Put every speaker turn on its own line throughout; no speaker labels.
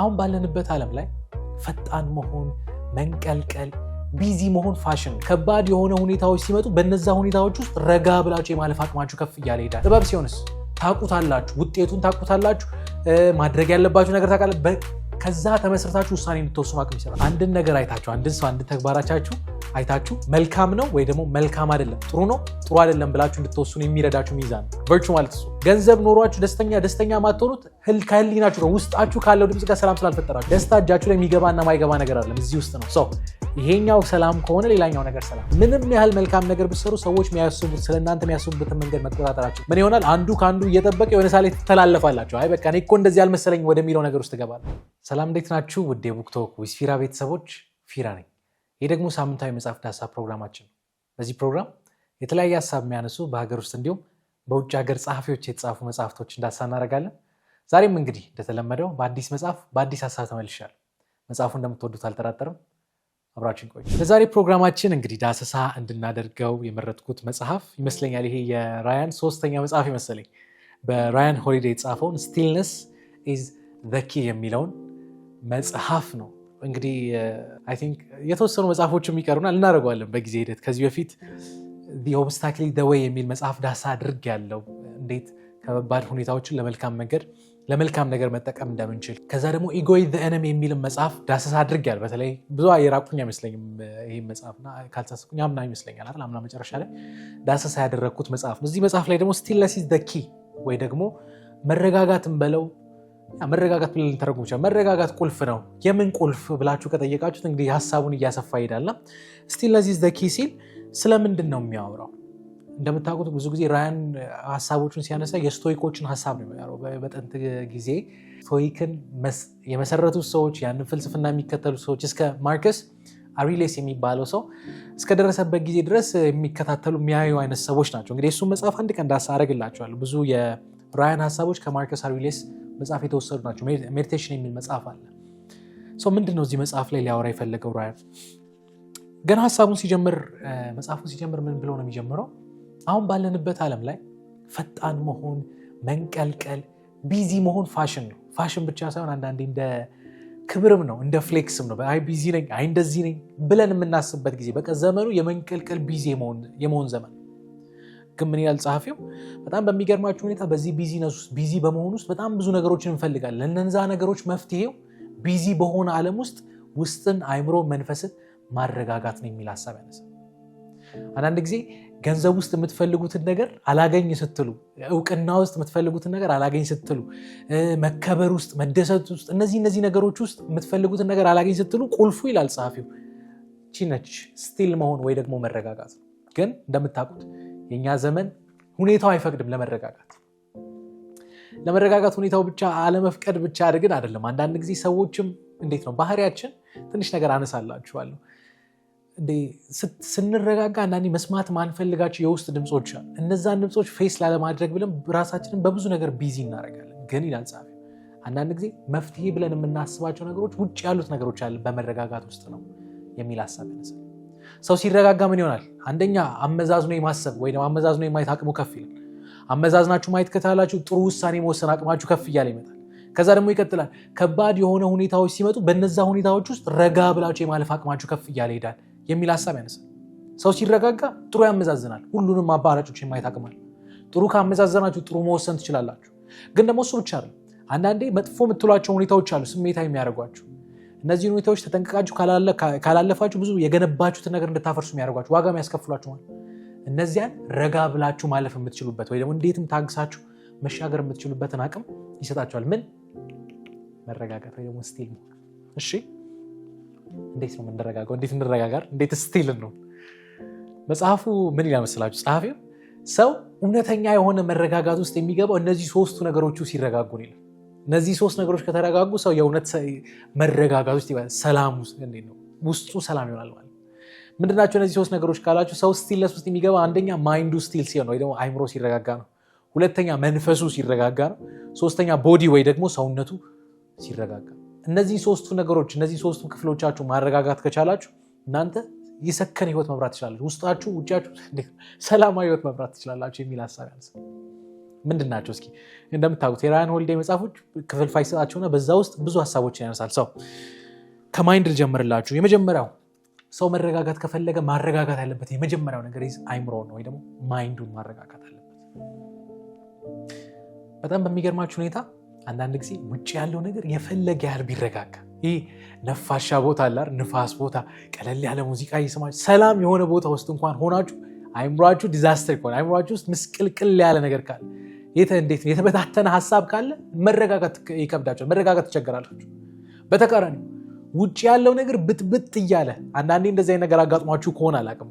አሁን ባለንበት ዓለም ላይ ፈጣን መሆን፣ መንቀልቀል፣ ቢዚ መሆን ፋሽን። ከባድ የሆነ ሁኔታዎች ሲመጡ በነዛ ሁኔታዎች ውስጥ ረጋ ብላችሁ የማለፍ አቅማችሁ ከፍ እያለ ይሄዳል። ጥበብ ሲሆንስ ታቁታላችሁ፣ ውጤቱን ታቁታላችሁ፣ ማድረግ ያለባችሁ ነገር ታውቃለ። ከዛ ተመስርታችሁ ውሳኔ የምትወስኑ አቅም ይሰራል። አንድን ነገር አይታችሁ አንድን ሰው አንድን ተግባራቻችሁ አይታችሁ መልካም ነው ወይ ደግሞ መልካም አይደለም፣ ጥሩ ነው፣ ጥሩ አይደለም ብላችሁ እንድትወስኑ የሚረዳችሁ ሚዛን ነው። ቨርቹ ማለት እሱ። ገንዘብ ኖሯችሁ ደስተኛ ደስተኛ ማትሆኑት ከህሊናችሁ ጋር ውስጣችሁ ካለው ድምፅ ጋር ሰላም ስላልፈጠራችሁ። ደስታ እጃችሁ ላይ የሚገባና ማይገባ ነገር አለም እዚህ ውስጥ ነው ሰው። ይሄኛው ሰላም ከሆነ ሌላኛው ነገር ሰላም። ምንም ያህል መልካም ነገር ብትሰሩ ሰዎች የሚያስቡት ስለ እናንተ የሚያስቡበትን መንገድ መቆጣጠራቸው ምን ይሆናል? አንዱ ከአንዱ እየጠበቀ የሆነ ሳ ላይ ትተላለፋላቸው። አይ በቃ እኔ እኮ እንደዚህ አልመሰለኝ ወደሚለው ነገር ውስጥ እገባለሁ። ሰላም እንዴት ናችሁ? ውድ የቡክቶክ ዊዝ ፊራ ቤተሰቦች ፊራ ነኝ። ይህ ደግሞ ሳምንታዊ መጽሐፍ ሀሳብ ፕሮግራማችን ነው። በዚህ ፕሮግራም የተለያየ ሀሳብ የሚያነሱ በሀገር ውስጥ እንዲሁም በውጭ ሀገር ጸሐፊዎች የተጻፉ መጽሐፍቶች እንዳሳ እናደርጋለን። ዛሬም እንግዲህ እንደተለመደው በአዲስ መጽሐፍ በአዲስ ሀሳብ ተመልሻል። መጽሐፉ እንደምትወዱት አልጠራጠርም። አብራችን ቆይ ለዛሬ ፕሮግራማችን እንግዲህ ዳሰሳ እንድናደርገው የመረጥኩት መጽሐፍ ይመስለኛል ይሄ የራያን ሶስተኛ መጽሐፍ ይመስለኝ በራያን ሆሊዴ የተጻፈውን ስቲልነስ ኢዝ ኪ የሚለውን መጽሐፍ ነው። እንግዲህ አይ ቲንክ የተወሰኑ መጽሐፎችም ይቀሩናል፣ እናደርገዋለን በጊዜ ሂደት። ከዚህ በፊት ኦብስታክሊ ደወይ የሚል መጽሐፍ ዳሳ አድርግ ያለው እንዴት ከባድ ሁኔታዎችን ለመልካም መንገድ ለመልካም ነገር መጠቀም እንደምንችል፣ ከዛ ደግሞ ኢጎይ ዘእነም የሚል መጽሐፍ ዳሰስ አድርግ ያል በተለይ ብዙ የራቁኝ አይመስለኝም ይህ መጽሐፍና ካልተሳሳትኩኝ አምና ይመስለኛል አይደል አምና መጨረሻ ላይ ዳሰስ ያደረግኩት መጽሐፍ ነው። እዚህ መጽሐፍ ላይ ደግሞ ስቲል ለሲዝ ዘ ወይ ደግሞ መረጋጋትን በለው መረጋጋት ብለን ልንተረጉም ይችላል። መረጋጋት ቁልፍ ነው። የምን ቁልፍ ብላችሁ ከጠየቃችሁት እንግዲህ ሀሳቡን እያሰፋ ይሄዳል። እስቲ ለዚህ ዘኪ ሲል ስለምንድን ነው የሚያወራው? እንደምታውቁት ብዙ ጊዜ ራያን ሀሳቦችን ሲያነሳ የስቶይኮችን ሀሳብ ነው የሚያወራው። በጥንት ጊዜ ስቶይክን የመሰረቱ ሰዎች፣ ያንን ፍልስፍና የሚከተሉ ሰዎች እስከ ማርከስ አሪሌስ የሚባለው ሰው እስከደረሰበት ጊዜ ድረስ የሚከታተሉ የሚያዩ አይነት ሰዎች ናቸው። እንግዲህ እሱ መጽሐፍ አንድ ቀን እንዳሳረግላቸዋል ብዙ የራያን ሀሳቦች ከማርከስ አሪሌስ መጽሐፍ የተወሰዱ ናቸው። ሜዲቴሽን የሚል መጽሐፍ አለ። ሰው ምንድን ነው እዚህ መጽሐፍ ላይ ሊያወራ የፈለገው? ራያን ገና ሀሳቡን ሲጀምር መጽሐፉን ሲጀምር ምን ብለው ነው የሚጀምረው? አሁን ባለንበት ዓለም ላይ ፈጣን መሆን፣ መንቀልቀል፣ ቢዚ መሆን ፋሽን ነው። ፋሽን ብቻ ሳይሆን አንዳንዴ እንደ ክብርም ነው እንደ ፍሌክስም ነው። አይ ቢዚ ነኝ፣ አይ እንደዚህ ነኝ ብለን የምናስብበት ጊዜ በቃ ዘመኑ የመንቀልቀል ቢዚ የመሆን ዘመን ግን ምን ይላል ጸሐፊው? በጣም በሚገርማቸው ሁኔታ በዚህ ቢዚነስ ውስጥ ቢዚ በመሆን ውስጥ በጣም ብዙ ነገሮችን እንፈልጋል ለነዛ ነገሮች መፍትሄው ቢዚ በሆነ ዓለም ውስጥ ውስጥን፣ አይምሮ፣ መንፈስን ማረጋጋት ነው የሚል ሀሳብ ያነሳ። አንዳንድ ጊዜ ገንዘብ ውስጥ የምትፈልጉትን ነገር አላገኝ ስትሉ፣ እውቅና ውስጥ የምትፈልጉትን ነገር አላገኝ ስትሉ፣ መከበር ውስጥ፣ መደሰት ውስጥ፣ እነዚህ እነዚህ ነገሮች ውስጥ የምትፈልጉትን ነገር አላገኝ ስትሉ ቁልፉ ይላል ጸሐፊው ቺነች ስቲል መሆን ወይ ደግሞ መረጋጋት። ግን እንደምታውቁት የእኛ ዘመን ሁኔታው አይፈቅድም ለመረጋጋት ለመረጋጋት ሁኔታው ብቻ አለመፍቀድ ብቻ አድርግን አይደለም። አንዳንድ ጊዜ ሰዎችም እንዴት ነው ባህሪያችን ትንሽ ነገር አነሳላችኋለሁ። ስንረጋጋ አንዳን መስማት ማንፈልጋቸው የውስጥ ድምፆች አሉ። እነዛን ድምፆች ፌስ ላለማድረግ ብለን ራሳችንን በብዙ ነገር ቢዚ እናደረጋለን ግን ይላል ጻፊ አንዳንድ ጊዜ መፍትሄ ብለን የምናስባቸው ነገሮች ውጭ ያሉት ነገሮች አለ በመረጋጋት ውስጥ ነው የሚል ሀሳብ ያነሳል። ሰው ሲረጋጋ ምን ይሆናል? አንደኛ አመዛዝኖ የማሰብ ወይ ደግሞ አመዛዝኖ የማየት አቅሙ ከፍ ይላል። አመዛዝናችሁ ማየት ከቻላችሁ ጥሩ ውሳኔ መወሰን አቅማችሁ ከፍ እያለ ይመጣል። ከዛ ደግሞ ይቀጥላል። ከባድ የሆነ ሁኔታዎች ሲመጡ በነዛ ሁኔታዎች ውስጥ ረጋ ብላችሁ የማለፍ አቅማችሁ ከፍ እያለ ይሄዳል የሚል ሀሳብ ያነሳል። ሰው ሲረጋጋ ጥሩ ያመዛዝናል። ሁሉንም አማራጮች የማየት አቅማል። ጥሩ ካመዛዘናችሁ ጥሩ መወሰን ትችላላችሁ። ግን ደግሞ እሱ ብቻ አይደለም። አንዳንዴ መጥፎ የምትሏቸው ሁኔታዎች አሉ ስሜታ የሚያደርጓቸው እነዚህን ሁኔታዎች ተጠንቅቃችሁ ካላለፋችሁ ብዙ የገነባችሁትን ነገር እንድታፈርሱ የሚያደርጓችሁ ዋጋ የሚያስከፍሏችኋል። እነዚያን ረጋ ብላችሁ ማለፍ የምትችሉበት ወይ ደግሞ እንዴትም ታግሳችሁ መሻገር የምትችሉበትን አቅም ይሰጣቸዋል ምን መረጋጋት ወይ ደግሞ ስቲል ነው። እሺ፣ እንዴት ነው የምንረጋጋው? እንዴት እንረጋጋር? እንዴት ስቲል ነው? መጽሐፉ ምን ይላመስላችሁ ጸሐፊው ሰው እውነተኛ የሆነ መረጋጋት ውስጥ የሚገባው እነዚህ ሶስቱ ነገሮቹ ሲረጋጉን ይላል። እነዚህ ሶስት ነገሮች ከተረጋጉ ሰው የእውነት መረጋጋት ውስጥ ይባላል። ሰላም ውስጥ ነው ውስጡ ሰላም ይሆናል ማለት ምንድናቸው እነዚህ ሶስት ነገሮች ካላችሁ ሰው ስቲልነስ ውስጥ የሚገባ አንደኛ ማይንዱ ስቲል ሲሆን ወይ ደግሞ አይምሮ ሲረጋጋ ነው። ሁለተኛ መንፈሱ ሲረጋጋ ነው። ሶስተኛ ቦዲ ወይ ደግሞ ሰውነቱ ሲረጋጋ። እነዚህ ሶስቱ ነገሮች እነዚህ ሶስቱ ክፍሎቻችሁ ማረጋጋት ከቻላችሁ እናንተ የሰከነ ህይወት መምራት ትችላለች። ውስጣችሁ ውጫችሁ ሰላማዊ ህይወት መምራት ትችላላችሁ የሚል ሀሳብ ያነሳል። ምንድን ናቸው? እስኪ እንደምታውቁት የራያን ሆሊዴ መጽሐፎች ክፍልፋይ ሰጣቸውና በዛ ውስጥ ብዙ ሀሳቦችን ያነሳል። ሰው ከማይንድ ልጀምርላችሁ። የመጀመሪያው ሰው መረጋጋት ከፈለገ ማረጋጋት ያለበት የመጀመሪያው ነገር አይምሮውን ነው ወይ ደግሞ ማይንዱን ማረጋጋት አለበት። በጣም በሚገርማችሁ ሁኔታ አንዳንድ ጊዜ ውጭ ያለው ነገር የፈለገ ያህል ቢረጋጋ ይህ ነፋሻ ቦታ አላር ንፋስ ቦታ፣ ቀለል ያለ ሙዚቃ እየሰማችሁ ሰላም የሆነ ቦታ ውስጥ እንኳን ሆናችሁ አይምሯችሁ ዲዛስተር ከሆነ አይምሯችሁ ውስጥ ምስቅልቅል ያለ ነገር ካለ እንዴት የተበታተነ ሀሳብ ካለ መረጋጋት ይከብዳቸዋል፣ መረጋጋት ትቸገራላችሁ። በተቃራኒ ውጭ ያለው ነገር ብጥብጥ እያለ አንዳንዴ እንደዚህ ነገር አጋጥሟችሁ ከሆነ አላቅም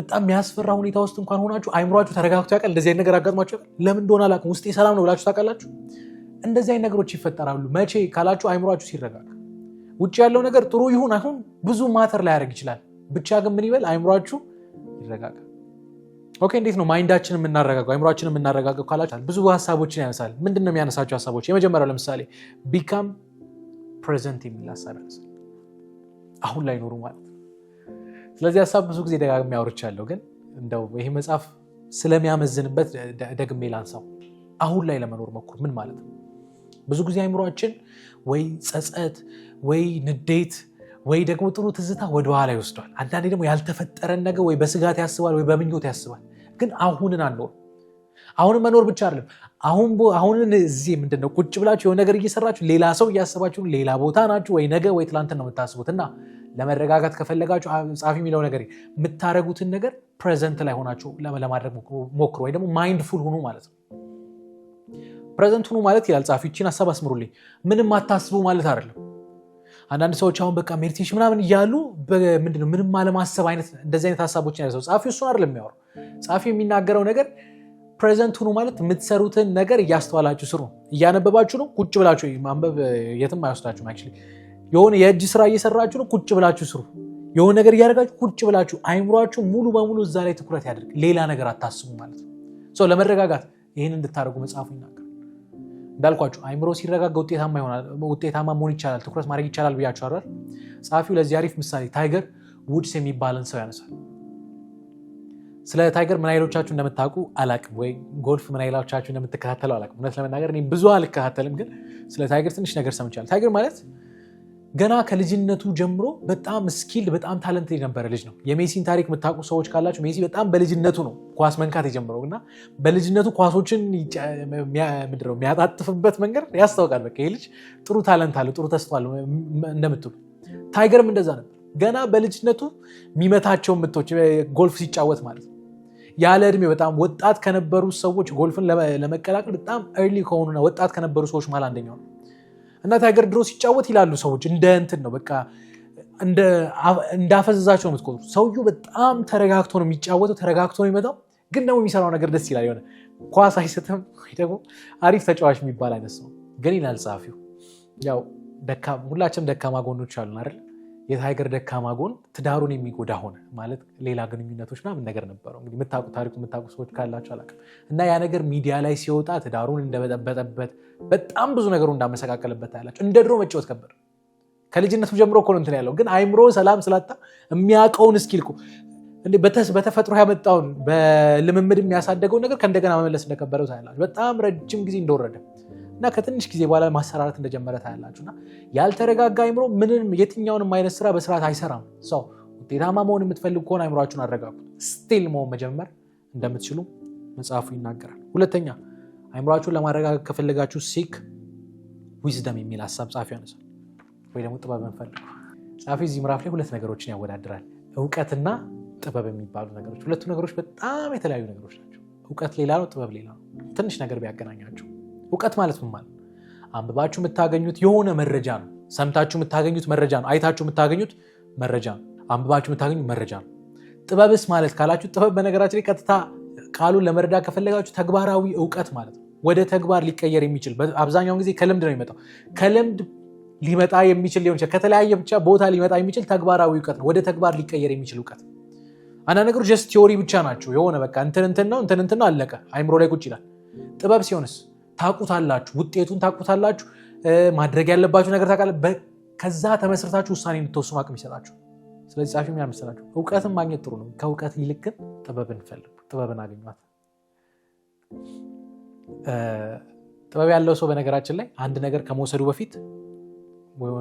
በጣም የሚያስፈራ ሁኔታ ውስጥ እንኳን ሆናችሁ አይምሯችሁ ተረጋግቶ ያውቃል። እንደዚህ ነገር አጋጥሟችሁ ያውቃል? ለምን እንደሆነ አላቅም ውስጤ ሰላም ነው ብላችሁ ታውቃላችሁ? እንደዚህ አይነት ነገሮች ይፈጠራሉ። መቼ ካላችሁ አይምሯችሁ ሲረጋጋ። ውጭ ያለው ነገር ጥሩ ይሁን አሁን ብዙ ማተር ላያደርግ ይችላል። ብቻ ግን ምን ይበል አይምሯችሁ ይረጋጋ። ኦኬ፣ እንዴት ነው ማይንዳችን የምናረጋገው አይምሮችን የምናረጋገው ካላችኋል፣ ብዙ ሀሳቦችን ያነሳል። ምንድን ነው የሚያነሳቸው ሀሳቦች? የመጀመሪያው ለምሳሌ ቢካም ፕሬዘንት የሚል ሀሳብ ያነሳል። አሁን ላይ ኖሩ ማለት ነው። ስለዚህ ሀሳብ ብዙ ጊዜ ደጋግሜ አውርቻለሁ፣ ግን እንደው ይሄ መጽሐፍ ስለሚያመዝንበት ደግሜ ላንሳው። አሁን ላይ ለመኖር መኩር ምን ማለት ነው? ብዙ ጊዜ አይምሯችን ወይ ጸጸት ወይ ንዴት ወይ ደግሞ ጥሩ ትዝታ ወደኋላ ይወስዷል። አንዳንዴ ደግሞ ያልተፈጠረን ነገር ወይ በስጋት ያስባል ወይ በምኞት ያስባል። ግን አሁንን አንኖር አሁን መኖር ብቻ አይደለም። አሁንን እዚህ ምንድነው ቁጭ ብላችሁ የሆነ ነገር እየሰራችሁ ሌላ ሰው እያሰባችሁ ሌላ ቦታ ናችሁ፣ ወይ ነገ ወይ ትላንትን ነው የምታስቡት። እና ለመረጋጋት ከፈለጋችሁ ጻፊ የሚለው ነገር የምታደረጉትን ነገር ፕሬዘንት ላይ ሆናችሁ ለማድረግ ሞክሩ፣ ወይ ደግሞ ማይንድፉል ሁኑ ማለት ነው። ፕሬዘንት ሁኑ ማለት ይላል ጻፊ። ይህችን ሀሳብ አስምሩልኝ። ምንም አታስቡ ማለት አይደለም። አንዳንድ ሰዎች አሁን በቃ ሜዲቴሽን ምናምን እያሉ ምንድነው ምንም አለማሰብ አይነት እንደዚህ አይነት ያለ ሰው ጸሐፊ እሱን አይደለም የሚያወራው። ጸሐፊ የሚናገረው ነገር ፕሬዘንት ሁኑ ማለት የምትሰሩትን ነገር እያስተዋላችሁ ስሩ። እያነበባችሁ ነው፣ ቁጭ ብላችሁ ማንበብ የትም አይወስዳችሁም። አክቹዋሊ የሆነ የእጅ ስራ እየሰራችሁ ነው፣ ቁጭ ብላችሁ ስሩ። የሆነ ነገር እያደረጋችሁ ቁጭ ብላችሁ አይምሯችሁ ሙሉ በሙሉ እዛ ላይ ትኩረት ያደርግ፣ ሌላ ነገር አታስቡ ማለት ነው። ለመረጋጋት ይህን እንድታደርጉ መጽሐፉ ይናገራል። እንዳልኳቸው አይምሮ ሲረጋጋ ውጤታማ መሆን ይቻላል፣ ትኩረት ማድረግ ይቻላል ብያቸው አይደል? ጸሐፊው ለዚህ አሪፍ ምሳሌ ታይገር ውድስ የሚባለን ሰው ያነሳል። ስለ ታይገር ምን ያህሎቻችሁ እንደምታውቁ አላቅም፣ ወይ ጎልፍ ምን ያህሎቻችሁ እንደምትከታተለው አላቅም። እውነት ለመናገር ብዙ አልከታተልም፣ ግን ስለ ታይገር ትንሽ ነገር ሰምቻል ታይገር ማለት ገና ከልጅነቱ ጀምሮ በጣም ስኪል በጣም ታለንት የነበረ ልጅ ነው። የሜሲን ታሪክ የምታውቁ ሰዎች ካላቸው ሜሲ በጣም በልጅነቱ ነው ኳስ መንካት የጀምረው እና በልጅነቱ ኳሶችን ምድረው የሚያጣጥፍበት መንገድ ያስታውቃል። በቃ ይህ ልጅ ጥሩ ታለንት አለው፣ ጥሩ ተስተዋል እንደምትሉ ታይገርም እንደዛ ነበር። ገና በልጅነቱ የሚመታቸው ምቶች ጎልፍ ሲጫወት ማለት ነው ያለ እድሜ በጣም ወጣት ከነበሩ ሰዎች ጎልፍን ለመቀላቀል በጣም ኤርሊ ከሆኑና ወጣት ከነበሩ ሰዎች መሃል አንደኛው ነው። እና ታይገር ድሮ ሲጫወት ይላሉ ሰዎች እንደ እንትን ነው በቃ እንዳፈዘዛቸው ነው የምትቆጥሩ። ሰውዬው በጣም ተረጋግቶ ነው የሚጫወተው፣ ተረጋግቶ ነው የሚመጣው። ግን ደግሞ የሚሰራው ነገር ደስ ይላል። የሆነ ኳስ አይሰጥም ወይ ደግሞ አሪፍ ተጫዋች የሚባል አይነት ሰው ግን ይላል ጸሐፊው። ያው ሁላችንም ደካማ ጎኖች አሉን አይደል? የታይገር ደካማ ጎን ትዳሩን የሚጎዳ ሆነ ማለት ሌላ ግንኙነቶች ምናምን ነገር ነበረው። እንግዲህ የምታውቁ ታሪኩ የምታውቁ ሰዎች ካላቸው አላውቅም። እና ያ ነገር ሚዲያ ላይ ሲወጣ ትዳሩን እንደበጠበጠበት በጣም ብዙ ነገሩ እንዳመሰቃቀልበት ያላቸው እንደ ድሮ መጫወት ከበር ከልጅነቱ ጀምሮ እኮ ነው እንትን ያለው፣ ግን አይምሮ ሰላም ስላጣ የሚያውቀውን እስኪል በተፈጥሮ ያመጣውን በልምምድ የሚያሳደገውን ነገር ከእንደገና መመለስ እንደከበረው ታያላችሁ። በጣም ረጅም ጊዜ እንደወረደ እና ከትንሽ ጊዜ በኋላ ማሰራረት እንደጀመረ ታያላችሁ። እና ያልተረጋጋ አይምሮ ምንም የትኛውንም አይነት ስራ በስርዓት አይሰራም። ሰው ውጤታማ መሆን የምትፈልጉ ከሆነ አይምሯችሁን አረጋጉት። ስቲል መሆን መጀመር እንደምትችሉ መጽሐፉ ይናገራል። ሁለተኛ አይምሯችሁን ለማረጋገጥ ከፈለጋችሁ ሲክ ዊዝደም የሚል ሀሳብ ጻፊ ያነሳል። ወይ ደግሞ ጥበብ ፈልጉ። ጻፊ እዚህ ምራፍ ላይ ሁለት ነገሮችን ያወዳድራል፣ እውቀትና ጥበብ የሚባሉ ነገሮች። ሁለቱ ነገሮች በጣም የተለያዩ ነገሮች ናቸው። እውቀት ሌላ ነው፣ ጥበብ ሌላ ነው። ትንሽ ነገር ቢያገናኛቸው እውቀት ማለት ምን ማለት አንብባችሁ የምታገኙት የሆነ መረጃ ነው። ሰምታችሁ የምታገኙት መረጃ ነው። አይታችሁ የምታገኙት መረጃ ነው። አንብባችሁ የምታገኙት መረጃ ነው። ጥበብስ ማለት ካላችሁ ጥበብ በነገራችን ላይ ቀጥታ ቃሉን ለመረዳት ከፈለጋችሁ ተግባራዊ እውቀት ማለት ነው። ወደ ተግባር ሊቀየር የሚችል አብዛኛውን ጊዜ ከልምድ ነው የሚመጣው። ከልምድ ሊመጣ የሚችል ሊሆን ይችላል። ከተለያየ ብቻ ቦታ ሊመጣ የሚችል ተግባራዊ እውቀት ነው። ወደ ተግባር ሊቀየር የሚችል እውቀት። አንዳንድ ነገሮች ጀስት ቲዮሪ ብቻ ናቸው። የሆነ በቃ እንትን እንትን ነው እንትን እንትን ነው አለቀ፣ አይምሮ ላይ ቁጭ ይላል። ጥበብ ሲሆንስ ታቁታላችሁ፣ ውጤቱን ታቁታላችሁ፣ ማድረግ ያለባችሁ ነገር ታውቃለ። ከዛ ተመስርታችሁ ውሳኔ እንድትወስኑ አቅም ይሰጣችሁ። ስለዚህ ጻፊ ምን ያልመሰላችሁ እውቀትን ማግኘት ጥሩ ነው። ከእውቀት ይልቅን ጥበብን ፈልጉ። ጥበብን አገኟት። ጥበብ ያለው ሰው በነገራችን ላይ አንድ ነገር ከመውሰዱ በፊት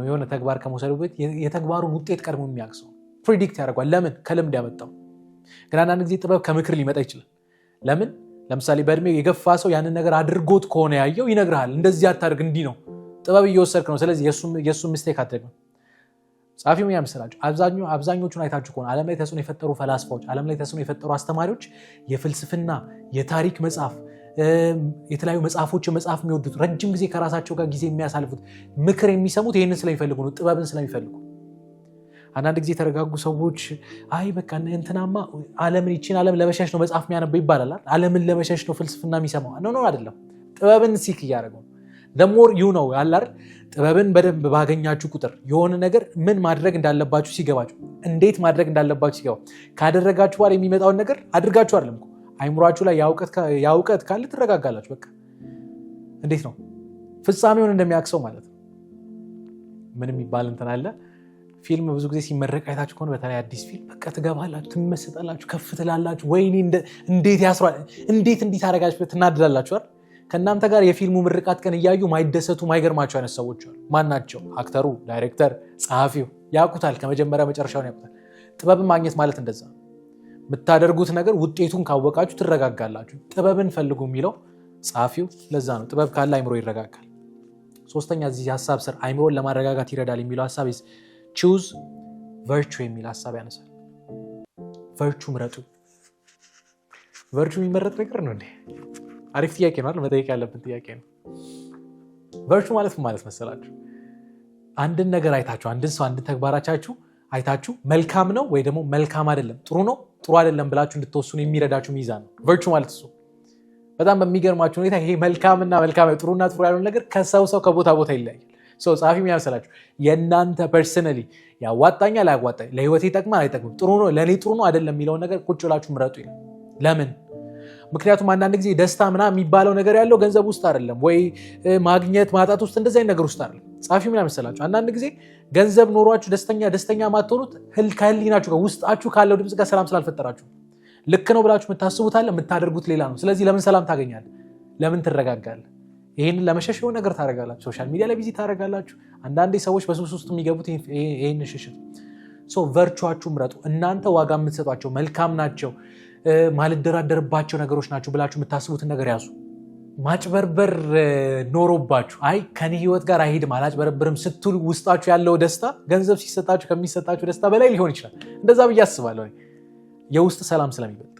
የሆነ ተግባር ከመውሰዱ በፊት የተግባሩን ውጤት ቀድሞ ሰው ፕሪዲክት ያደርጓል። ለምን? ከልምድ ያመጣው። ግን አንዳንድ ጊዜ ጥበብ ከምክር ሊመጣ ይችላል። ለምን? ለምሳሌ በእድሜ የገፋ ሰው ያንን ነገር አድርጎት ከሆነ ያየው ይነግርሃል። እንደዚህ አታድርግ፣ እንዲህ ነው ጥበብ እየወሰድክ ነው። ስለዚህ የእሱ ሚስቴክ ነው ጸሐፊ ሙያ ምስራች አብዛኞቹን አይታችሁ ከሆነ ዓለም ላይ ተጽዕኖ የፈጠሩ ፈላስፋዎች፣ ዓለም ላይ ተጽዕኖ የፈጠሩ አስተማሪዎች የፍልስፍና የታሪክ መጽሐፍ የተለያዩ መጽሐፎች መጽሐፍ የሚወዱት ረጅም ጊዜ ከራሳቸው ጋር ጊዜ የሚያሳልፉት ምክር የሚሰሙት ይህንን ስለሚፈልጉ ነው፣ ጥበብን ስለሚፈልጉ አንዳንድ ጊዜ የተረጋጉ ሰዎች አይ በቃ እንትናማ አለምን ይችን አለም ለመሻሽ ነው መጽሐፍ የሚያነበው ይባላል። አለምን ለመሻሽ ነው ፍልስፍና የሚሰማው ነው ነው አይደለም። ጥበብን ሲክ እያደረገው ደሞር ዩ ነው ያላር ጥበብን በደንብ ባገኛችሁ ቁጥር የሆነ ነገር ምን ማድረግ እንዳለባችሁ ሲገባችሁ፣ እንዴት ማድረግ እንዳለባችሁ ሲገባ ካደረጋችሁ በኋላ የሚመጣውን ነገር አድርጋችሁ አለም አይምሯችሁ ላይ ያውቀት ካለ ትረጋጋላችሁ። በቃ እንዴት ነው ፍጻሜውን እንደሚያክሰው ማለት ነው። ምን የሚባል እንትን አለ ፊልም ብዙ ጊዜ ሲመረቅ አይታችሁ ከሆነ በተለይ አዲስ ፊልም በቃ ትገባላችሁ፣ ትመሰጣላችሁ፣ ከፍ ትላላችሁ። ወይኔ እንዴት ያስሯል፣ እንዴት እንዲህ ታደርጋችሁ ትናድዳላችሁ አይደል? ከእናንተ ጋር የፊልሙ ምርቃት ቀን እያዩ ማይደሰቱ ማይገርማቸው አይነት ሰዎች አሉ። ማን ናቸው? አክተሩ፣ ዳይሬክተር፣ ጸሐፊው ያውቁታል። ከመጀመሪያ መጨረሻውን ያውቁታል። ጥበብን ማግኘት ማለት እንደዛ ነው። የምታደርጉት ነገር ውጤቱን ካወቃችሁ ትረጋጋላችሁ። ጥበብን ፈልጉ የሚለው ጸሐፊው ለዛ ነው። ጥበብ ካለ አይምሮ ይረጋጋል። ሶስተኛ እዚህ ሀሳብ ስር አይምሮን ለማረጋጋት ይረዳል የሚለው ሀሳብ ቹዝ ቨርቹ የሚል ሀሳብ ያነሳል። ቨርቹ ምረጡ። ቨርቹ የሚመረጥ ነገር ነው እንዴ? አሪፍ ጥያቄ ነው። መጠየቅ ያለብን ጥያቄ ነው። ቨርቹ ማለት ማለት መሰላችሁ? አንድን ነገር አይታችሁ፣ አንድን ሰው፣ አንድን ተግባራቻችሁ አይታችሁ መልካም ነው ወይ ደግሞ መልካም አይደለም፣ ጥሩ ነው፣ ጥሩ አይደለም ብላችሁ እንድትወስኑ የሚረዳችሁ ሚዛን ነው። ቨርቹ ማለት እሱ። በጣም በሚገርማችሁ ሁኔታ ይሄ መልካምና መልካም ጥሩና ጥሩ ያለ ነገር ከሰው ሰው ከቦታ ቦታ ይለያል። ሰው ጸሐፊ ምን የእናንተ ፐርሰናሊ ያዋጣኛ አያዋጣኝ፣ ለህይወት ይጠቅማል አይጠቅም ጥሩ ነው ለእኔ ጥሩ ነው አይደለም የሚለውን ነገር ቁጭ ብላችሁ ምረጡ ይላል። ለምን? ምክንያቱም አንዳንድ ጊዜ ደስታ ምና የሚባለው ነገር ያለው ገንዘብ ውስጥ አይደለም፣ ወይ ማግኘት ማጣት ውስጥ እንደዚህ ነገር ውስጥ አይደለም። ጸሐፊ ምን ያመሰላችሁ? አንዳንድ ጊዜ ገንዘብ ኖሯችሁ ደስተኛ ደስተኛ ማትሆኑት ከህሊናችሁ ጋር ውስጣችሁ ካለው ድምፅ ጋር ሰላም ስላልፈጠራችሁ ልክ ነው ብላችሁ የምታስቡት አለ፣ የምታደርጉት ሌላ ነው። ስለዚህ ለምን ሰላም ታገኛለህ? ለምን ትረጋጋለህ? ይህንን ለመሸሽ የሆነ ነገር ታደርጋላችሁ። ሶሻል ሚዲያ ላይ ቢዚ ታደርጋላችሁ። አንዳንዴ ሰዎች በሱስ ውስጥ የሚገቡት ይህን ሽሽት። ቨርቹዋችሁ ምረጡ። እናንተ ዋጋ የምትሰጧቸው መልካም ናቸው ማልደራደርባቸው ነገሮች ናቸው ብላችሁ የምታስቡትን ነገር ያዙ። ማጭበርበር ኖሮባችሁ አይ ከኔ ህይወት ጋር አይሄድም አላጭበረብርም ስትል ውስጣችሁ ያለው ደስታ ገንዘብ ሲሰጣችሁ ከሚሰጣችሁ ደስታ በላይ ሊሆን ይችላል። እንደዛ ብዬ አስባለሁ። የውስጥ ሰላም ስለሚበልጥ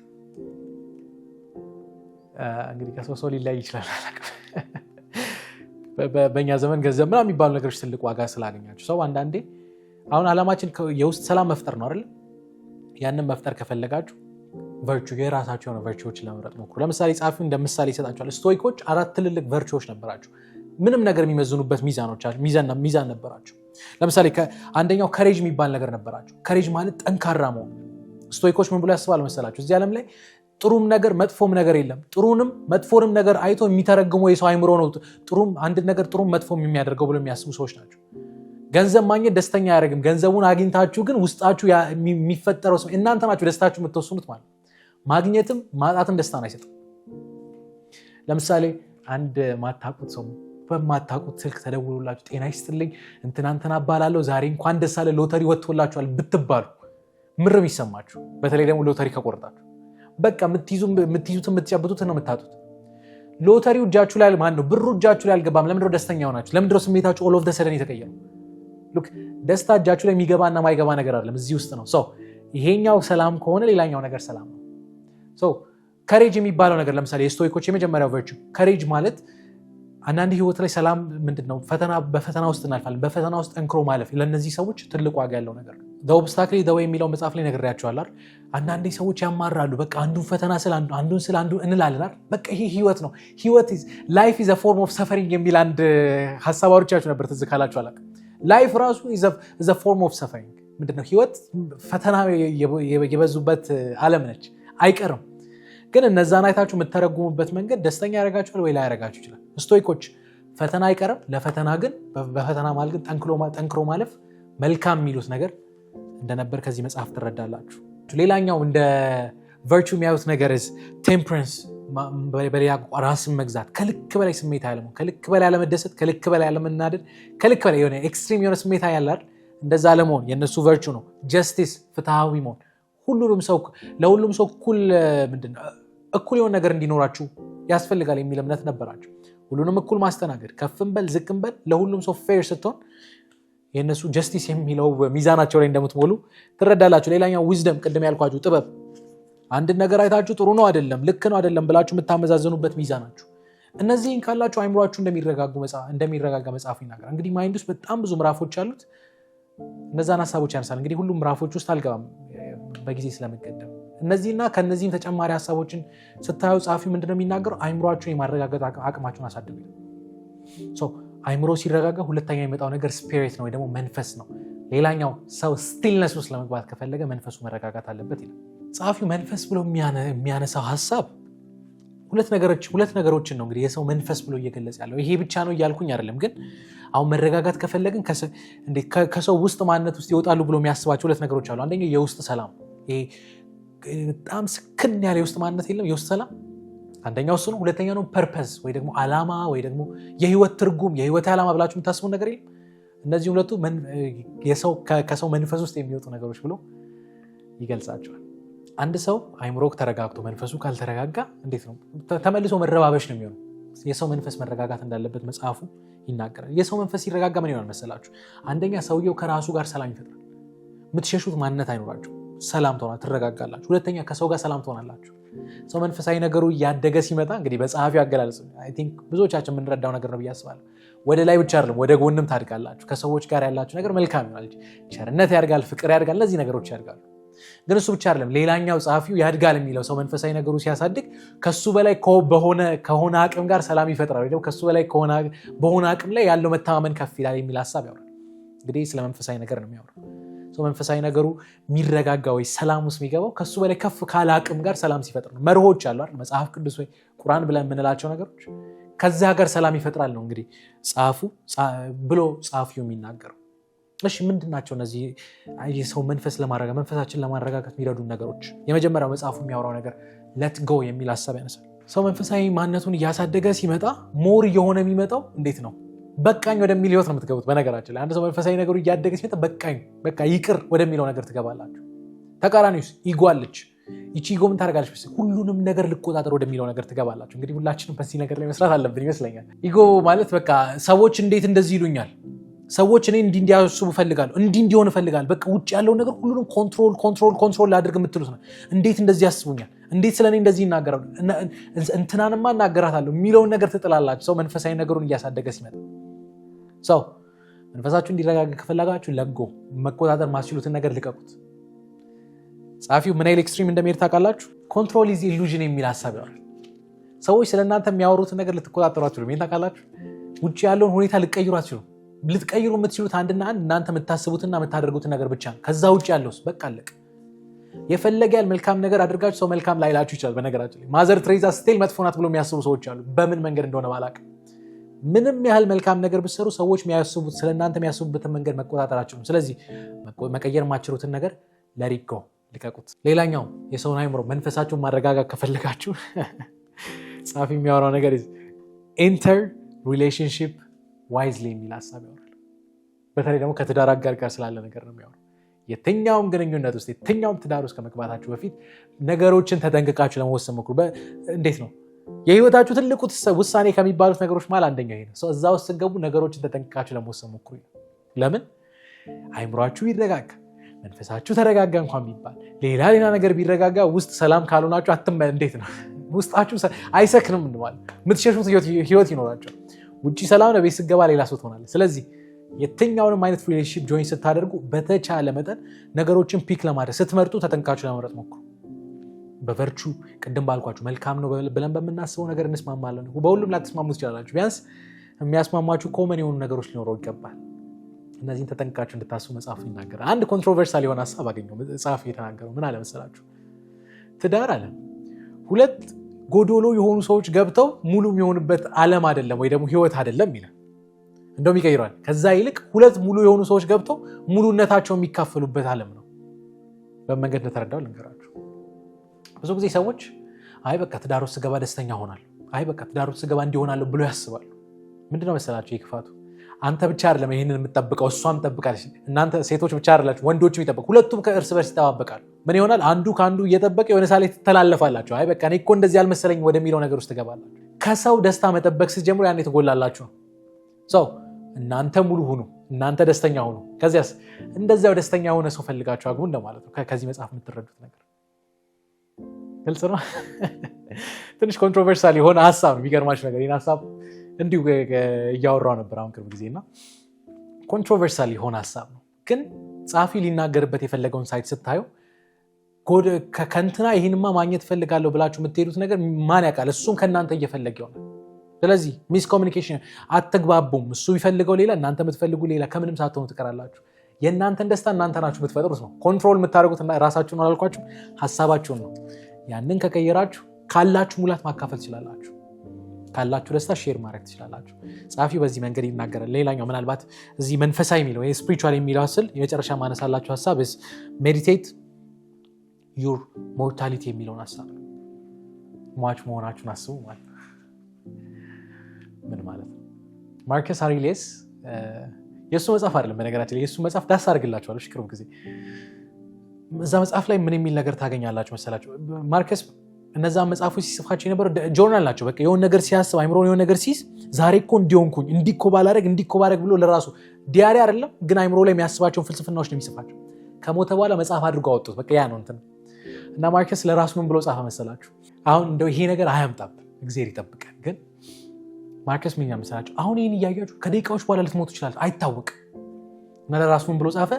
እንግዲህ ከሰው ሰው ሊለያይ ይችላል። በእኛ ዘመን ገንዘብ ምና የሚባሉ ነገሮች ትልቅ ዋጋ ስላገኛቸው ሰው አንዳንዴ አሁን አላማችን የውስጥ ሰላም መፍጠር ነው አይደል? ያንን መፍጠር ከፈለጋችሁ ቨርቹ የራሳቸው የሆነ ቨርቹዎችን ለመምረጥ ሞክሩ። ለምሳሌ ጻፊው እንደ ምሳሌ ይሰጣቸዋል። ስቶይኮች አራት ትልልቅ ቨርቹዎች ነበራቸው። ምንም ነገር የሚመዝኑበት ሚዛን ነበራቸው። ለምሳሌ አንደኛው ከሬጅ የሚባል ነገር ነበራቸው። ከሬጅ ማለት ጠንካራ መሆን። ስቶይኮች ምን ብሎ ያስባል መሰላቸው እዚህ ዓለም ላይ ጥሩም ነገር መጥፎም ነገር የለም። ጥሩንም መጥፎንም ነገር አይቶ የሚተረግሞ የሰው አይምሮ ነው። ጥሩም አንድ ነገር ጥሩም መጥፎም የሚያደርገው ብሎ የሚያስቡ ሰዎች ናቸው። ገንዘብ ማግኘት ደስተኛ አያደርግም። ገንዘቡን አግኝታችሁ ግን ውስጣችሁ የሚፈጠረው ሰው እናንተ ናችሁ ደስታችሁ የምትወስኑት ማለት ማግኘትም ማጣትም ደስታን አይሰጥም። ለምሳሌ አንድ ማታቁት ሰው በማታቁት ስልክ ተደውሎላችሁ ጤና ይስጥልኝ እንትናንትን አባላለሁ ዛሬ እንኳን ደሳለ ሎተሪ ወጥቶላችኋል ብትባሉ ምርም ይሰማችሁ። በተለይ ደግሞ ሎተሪ ከቆርጣችሁ በቃ የምትይዙት የምትጨብጡት ነው የምታጡት። ሎተሪው እጃችሁ ላይ ማን ነው? ብሩ እጃችሁ ላይ አልገባም። ለምንድነው ደስተኛ ሆናችሁ? ለምንድነው ስሜታችሁ ኦል ደሰደን የተቀየረው? ሉክ ደስታ እጃችሁ ላይ የሚገባና ማይገባ ነገር አይደለም፣ እዚህ ውስጥ ነው። ሰው ይሄኛው ሰላም ከሆነ ሌላኛው ነገር ሰላም ነው። ከሬጅ የሚባለው ነገር ለምሳሌ የስቶይኮች የመጀመሪያው ቨርቹ ከሬጅ ማለት አንዳንድ ህይወት ላይ ሰላም ምንድን ነው? ፈተና በፈተና ውስጥ እናልፋለን። በፈተና ውስጥ ጠንክሮ ማለፍ ለእነዚህ ሰዎች ትልቅ ዋጋ ያለው ነገር ነው። ኦብስታክል ዘ የሚለው መጽሐፍ ላይ ነግሬያቸዋለሁ። አንዳንዴ ሰዎች ያማራሉ። በቃ አንዱን ፈተና ስለ አንዱን ስለ አንዱ እንላለን። በቃ ይሄ ህይወት ነው። ህይወት ላይፍ ኢዝ ፎርም ኦፍ ሰፈሪንግ የሚል አንድ ሀሳብ አውርቻችሁ ነበር፣ ትዝ ካላችሁ አላውቅም። ላይፍ ራሱ ኢዝ ፎርም ኦፍ ሰፈሪንግ ምንድነው? ህይወት ፈተና የበዙበት አለም ነች፣ አይቀርም ግን እነዛን አይታችሁ የምተረጉሙበት መንገድ ደስተኛ ያደርጋችኋል ወይ ላያደርጋችሁ ይችላል። ስቶይኮች ፈተና አይቀርም፣ ለፈተና ግን በፈተና ማለት ግን ጠንክሮ ማለፍ መልካም የሚሉት ነገር እንደነበር ከዚህ መጽሐፍ ትረዳላችሁ። ሌላኛው እንደ ቨርቹ የሚያዩት ነገር ቴምፕረንስ በሌላ ራስን መግዛት፣ ከልክ በላይ ስሜት ያለመሆን፣ ከልክ በላይ ያለመደሰት፣ ከልክ በላይ ያለመናደድ፣ ከልክ በላይ የሆነ ኤክስትሪም የሆነ ስሜት ያላል እንደዛ ለመሆን የእነሱ ቨርቹ ነው። ጀስቲስ ፍትሃዊ መሆን ሁሉም ሰው ለሁሉም ሰው እኩል ምንድነው እኩል የሆነ ነገር እንዲኖራችሁ ያስፈልጋል የሚል እምነት ነበራቸው። ሁሉንም እኩል ማስተናገድ ከፍም በል ዝቅም በል ለሁሉም ሰው ፌር ስትሆን የእነሱ ጀስቲስ የሚለው ሚዛናቸው ላይ እንደምትሞሉ ትረዳላችሁ። ሌላኛው ዊዝደም፣ ቅድም ያልኳችሁ ጥበብ። አንድን ነገር አይታችሁ ጥሩ ነው አይደለም፣ ልክ ነው አይደለም ብላችሁ የምታመዛዘኑበት ሚዛናችሁ። እነዚህን ካላችሁ አይምሯችሁ እንደሚረጋጋ መጽሐፍ ይናገራል። እንግዲህ ማይንድ ውስጥ በጣም ብዙ ምራፎች አሉት። እነዛን ሀሳቦች ያነሳል። እንግዲህ ሁሉም ምራፎች ውስጥ አልገባም በጊዜ ስለመገደም እነዚህና ከነዚህም ተጨማሪ ሀሳቦችን ስታዩ ጸሐፊ ምንድነው የሚናገረው? አይምሯችሁን የማረጋገጥ አቅማችሁን አሳድጉ። አይምሮ ሲረጋጋ ሁለተኛ የሚመጣው ነገር ስፒሪት ነው ወይ ደግሞ መንፈስ ነው። ሌላኛው ሰው ስቲልነስ ውስጥ ለመግባት ከፈለገ መንፈሱ መረጋጋት አለበት ይላል ጸሐፊው። መንፈስ ብሎ የሚያነሳው ሀሳብ ሁለት ነገሮችን ነው እንግዲህ የሰው መንፈስ ብሎ እየገለጸ ያለው ይሄ ብቻ ነው እያልኩኝ አይደለም። ግን አሁን መረጋጋት ከፈለግን ከሰው ውስጥ ማንነት ውስጥ ይወጣሉ ብሎ የሚያስባቸው ሁለት ነገሮች አሉ። አንደኛው የውስጥ ሰላም በጣም ስክን ያለ የውስጥ ማንነት የለም። የውስጥ ሰላም አንደኛው እሱ ነው። ሁለተኛ ነው ፐርፐዝ ወይ ደግሞ አላማ ወይ ደግሞ የህይወት ትርጉም የህይወት አላማ ብላችሁ የምታስቡን ነገር የለም። እነዚህ ሁለቱ ከሰው መንፈስ ውስጥ የሚወጡ ነገሮች ብሎ ይገልጻቸዋል። አንድ ሰው አይምሮ ተረጋግቶ መንፈሱ ካልተረጋጋ እንዴት ነው? ተመልሶ መረባበሽ ነው የሚሆነው። የሰው መንፈስ መረጋጋት እንዳለበት መጽሐፉ ይናገራል። የሰው መንፈስ ሲረጋጋ ምን ይሆናል መሰላችሁ? አንደኛ ሰውየው ከራሱ ጋር ሰላም ይፈጥራል። የምትሸሹት ማንነት አይኖራቸው ሰላም ትሆና ትረጋጋላችሁ። ሁለተኛ ከሰው ጋር ሰላም ትሆናላችሁ። ሰው መንፈሳዊ ነገሩ እያደገ ሲመጣ እንግዲህ በጸሐፊ አገላለጽ ብዙዎቻችን የምንረዳው ነገር ነው ብዬ አስባለሁ። ወደ ላይ ብቻ አይደለም ወደ ጎንም ታድጋላችሁ። ከሰዎች ጋር ያላችሁ ነገር መልካም ይሆናል። ቸርነት ያድጋል፣ ፍቅር ያድጋል፣ እነዚህ ነገሮች ያድጋሉ። ግን እሱ ብቻ አይደለም። ሌላኛው ጸሐፊው ያድጋል የሚለው ሰው መንፈሳዊ ነገሩ ሲያሳድግ ከሱ በላይ ከሆነ አቅም ጋር ሰላም ይፈጥራል፣ ወይ ከሱ በላይ በሆነ አቅም ላይ ያለው መተማመን ከፍ ይላል የሚል ሀሳብ ያውራል እንግዲህ ስለ መንፈሳዊ ነገር ነው የሚያወራው። መንፈሳዊ ነገሩ የሚረጋጋ ወይ ሰላም ውስጥ የሚገባው ከሱ በላይ ከፍ ካለ አቅም ጋር ሰላም ሲፈጥር ነው። መርሆች አሉ አይደል? መጽሐፍ ቅዱስ ወይ ቁርአን ብለን የምንላቸው ነገሮች ከዚያ ጋር ሰላም ይፈጥራል ነው እንግዲህ ጻፉ ብሎ ጸሐፊው የሚናገሩ እሺ ምንድን ናቸው እነዚህ የሰው መንፈስ ለማረጋ መንፈሳችን ለማረጋጋት የሚረዱ ነገሮች? የመጀመሪያው መጽሐፉ የሚያወራው ነገር ለት ጎ የሚል ሀሳብ ያነሳል። ሰው መንፈሳዊ ማንነቱን እያሳደገ ሲመጣ ሞር እየሆነ የሚመጣው እንዴት ነው? በቃኝ ወደሚል ህይወት ነው የምትገቡት። በነገራችን ላይ አንድ ሰው መንፈሳዊ ነገሩ እያደገ ሲመጣ በቃኝ በቃ ይቅር ወደሚለው ነገር ትገባላችሁ። ተቃራኒውስ ኢጎ ይቺ ኢጎ ምን ታደርጋለች? ሁሉንም ነገር ልቆጣጠር ወደሚለው ነገር ትገባላችሁ። እንግዲህ ሁላችንም በዚህ ነገር ላይ መስራት አለብን ይመስለኛል። ኢጎ ማለት በቃ ሰዎች እንዴት እንደዚህ ይሉኛል፣ ሰዎች እኔ እንዲህ እንዲያስቡ እፈልጋለሁ፣ እንዲህ እንዲሆን እፈልጋለሁ። በቃ ውጭ ያለውን ነገር ሁሉንም ኮንትሮል ኮንትሮል ኮንትሮል ላድርግ የምትሉት ነው። እንዴት እንደዚህ ያስቡኛል፣ እንዴት እኔ እንደዚህ ይናገራሉ፣ እንትናንማ እናገራታለሁ የሚለውን ነገር ትጥላላችሁ። ሰው መንፈሳዊ ነገሩን እያሳደገ ሲመጣ ሰው መንፈሳችሁ እንዲረጋጋ ከፈለጋችሁ ለጎ መቆጣጠር ማስችሉትን ነገር ልቀቁት። ፀፊው ምን ያህል ኤክስትሪም እንደሚሄድ ታውቃላችሁ። ኮንትሮል ኢዝ ኢሉዥን የሚል ሀሳብ ይሆል ሰዎች ስለ እናንተ የሚያወሩትን ነገር ልትቆጣጠሩ አችሉ ይሄን ታውቃላችሁ። ውጭ ያለውን ሁኔታ ልትቀይሩ አችሉ ልትቀይሩ የምትችሉት አንድና አንድ እናንተ የምታስቡትና የምታደርጉትን ነገር ብቻ ነው። ከዛ ውጭ ያለውስ በቃ አለቅ። የፈለገ መልካም ነገር አድርጋችሁ ሰው መልካም ላይላችሁ ይችላል። በነገራችን ላይ ማዘር ትሬዛ ስቴል መጥፎናት ብሎ የሚያስቡ ሰዎች አሉ። በምን መንገድ እንደሆነ ባላውቅም ምንም ያህል መልካም ነገር ብሰሩ ሰዎች የሚያስቡት ስለ እናንተ የሚያስቡበትን መንገድ መቆጣጠራቸው ስለዚህ መቀየር ማችሩትን ነገር ለሪጎ ልቀቁት። ሌላኛው የሰውን አይምሮ መንፈሳችሁን ማረጋጋት ከፈለጋችሁ ጸሐፊ የሚያወራው ነገር ኢንተር ሪሌሽንሽፕ ዋይዝሊ የሚል ሀሳብ ያወራል። በተለይ ደግሞ ከትዳር አጋር ጋር ስላለ ነገር ነው የሚያወራ የትኛውም ግንኙነት ውስጥ የትኛውም ትዳር ውስጥ ከመግባታችሁ በፊት ነገሮችን ተጠንቅቃችሁ ለመወሰን ሞክሩ። እንዴት ነው የህይወታችሁ ትልቁ ውሳኔ ከሚባሉት ነገሮች መሃል አንደኛው ይሄ ነው። እዛ ውስጥ ስትገቡ ነገሮችን ተጠንቅቃችሁ ለመወሰን ሞክሩ። ለምን አይምሯችሁ ይረጋጋ፣ መንፈሳችሁ ተረጋጋ እንኳን ቢባል ሌላ ሌላ ነገር ቢረጋጋ ውስጥ ሰላም ካልሆናችሁ አትመ እንዴት ነው ውስጣችሁ አይሰክንም እንዋል የምትሸሹት ህይወት ይኖራቸው። ውጭ ሰላም ነው፣ ቤት ስገባ ሌላ ሰው ትሆናለ። ስለዚህ የትኛውንም አይነት ሪሌሽንሽፕ ጆይን ስታደርጉ በተቻለ መጠን ነገሮችን ፒክ ለማድረግ ስትመርጡ ተጠንቅቃችሁ ለመምረጥ ሞክሩ። በቨርቹ ቅድም ባልኳችሁ መልካም ነው ብለን በምናስበው ነገር እንስማማለን። በሁሉም ላትስማሙ ትችላላችሁ። ቢያንስ የሚያስማማችሁ ኮመን የሆኑ ነገሮች ሊኖረው ይገባል። እነዚህን ተጠንቅቃችሁ እንድታስቡ መጽሐፉ ይናገራል። አንድ ኮንትሮቨርሳል የሆነ ሀሳብ አገኘው ጸሐፊ የተናገረው ምን አለመሰላችሁ? ትዳር አለ ሁለት ጎዶሎ የሆኑ ሰዎች ገብተው ሙሉ የሚሆንበት አለም አይደለም ወይ ደግሞ ህይወት አይደለም ይላል። እንደም ይቀይረዋል። ከዛ ይልቅ ሁለት ሙሉ የሆኑ ሰዎች ገብተው ሙሉነታቸው የሚካፈሉበት አለም ነው። በመንገድ እንደተረዳው ልንገራችሁ። ብዙ ጊዜ ሰዎች አይ በቃ ትዳር ውስጥ ስገባ ደስተኛ ሆናል፣ አይ በቃ ትዳር ውስጥ ስገባ እንዲሆናለሁ ብሎ ያስባሉ። ምንድነው መሰላቸው ይክፋቱ አንተ ብቻ አይደለም ይህንን የምጠብቀው፣ እሷም ጠብቃለች። እናንተ ሴቶች ብቻ አይደላችሁ፣ ወንዶችም ይጠብቅ ሁለቱም ከእርስ በርስ ይጠባበቃል። ምን ይሆናል? አንዱ ከአንዱ እየጠበቀ የሆነ ሳ ላይ ትተላለፋላችሁ። አይ በቃ እኔ እኮ እንደዚህ አልመሰለኝ ወደሚለው ነገር ውስጥ ትገባላችሁ። ከሰው ደስታ መጠበቅ ስትጀምሩ ያን የተጎላላችሁ ነው። ሰው እናንተ ሙሉ ሁኑ፣ እናንተ ደስተኛ ሁኑ። ከዚያስ እንደዚያው ደስተኛ የሆነ ሰው ፈልጋችሁ አግቡ እንደማለት ነው። ከዚህ መጽሐፍ የምትረዱት ነገር ግልጽ ነው። ትንሽ ኮንትሮቨርሳል የሆነ ሀሳብ ነው። የሚገርማች ነገር ይህን ሀሳብ እንዲሁ እያወራው ነበር አሁን ቅርብ ጊዜ እና ኮንትሮቨርሳል የሆነ ሀሳብ ነው፣ ግን ጸሐፊ ሊናገርበት የፈለገውን ሳይት ስታየው ከንትና ይህንማ ማግኘት እፈልጋለሁ ብላችሁ የምትሄዱት ነገር ማን ያውቃል፣ እሱም ከእናንተ እየፈለገ ይሆናል። ስለዚህ ሚስ ኮሚኒኬሽን አትግባቡም። እሱ ቢፈልገው ሌላ፣ እናንተ የምትፈልጉ ሌላ፣ ከምንም ሳትሆኑ ትቀራላችሁ። የእናንተን ደስታ እናንተ ናችሁ የምትፈጥሩት ነው። ኮንትሮል የምታደርጉት ራሳችሁን አላልኳችሁ፣ ሀሳባችሁን ነው። ያንን ከቀየራችሁ ካላችሁ ሙላት ማካፈል ትችላላችሁ። ካላችሁ ደስታ ሼር ማድረግ ትችላላችሁ። ጸሐፊው በዚህ መንገድ ይናገራል። ሌላኛው ምናልባት እዚህ መንፈሳዊ የሚለው ይሄ ስፒሪቹዋል የሚለው ስል የመጨረሻ ማነሳላችሁ ሀሳብ ሜዲቴት ዩር ሞርታሊቲ የሚለውን ሀሳብ ሟች መሆናችሁን አስቡ ማለት ምን ማለት ነው? ማርከስ አሪሌስ የእሱ መጽሐፍ አይደለም በነገራችን ላይ የእሱ መጽሐፍ ዳስ አድርግላችኋለሁ ቅርብ ጊዜ እዛ መጽሐፍ ላይ ምን የሚል ነገር ታገኛላችሁ መሰላቸው ማርከስ እነዛ መጽሐፉ ሲጽፋቸው የነበረ ጆርናል ናቸው። በቃ የሆን ነገር ሲያስብ አይምሮን የሆን ነገር ሲይዝ ዛሬ እኮ እንዲሆንኩኝ እንዲኮ ባላረግ እንዲኮ ባረግ ብሎ ለራሱ ዲያሪ አይደለም ግን አይምሮ ላይ የሚያስባቸውን ፍልስፍናዎች ነው የሚጽፋቸው። ከሞተ በኋላ መጽሐፍ አድርጎ አወጡት። በቃ ያ ነው እንትን እና ማርከስ ለራሱ ምን ብሎ ጻፈ መሰላችሁ? አሁን እንደው ይሄ ነገር አያምጣብ እግዜር ይጠብቀን። ግን ማርከስ ምኛ መሰላቸው አሁን ይህን እያያችሁ ከደቂቃዎች በኋላ ልትሞት ትችላለ አይታወቅ እና ለራሱ ምን ብሎ ጻፈ?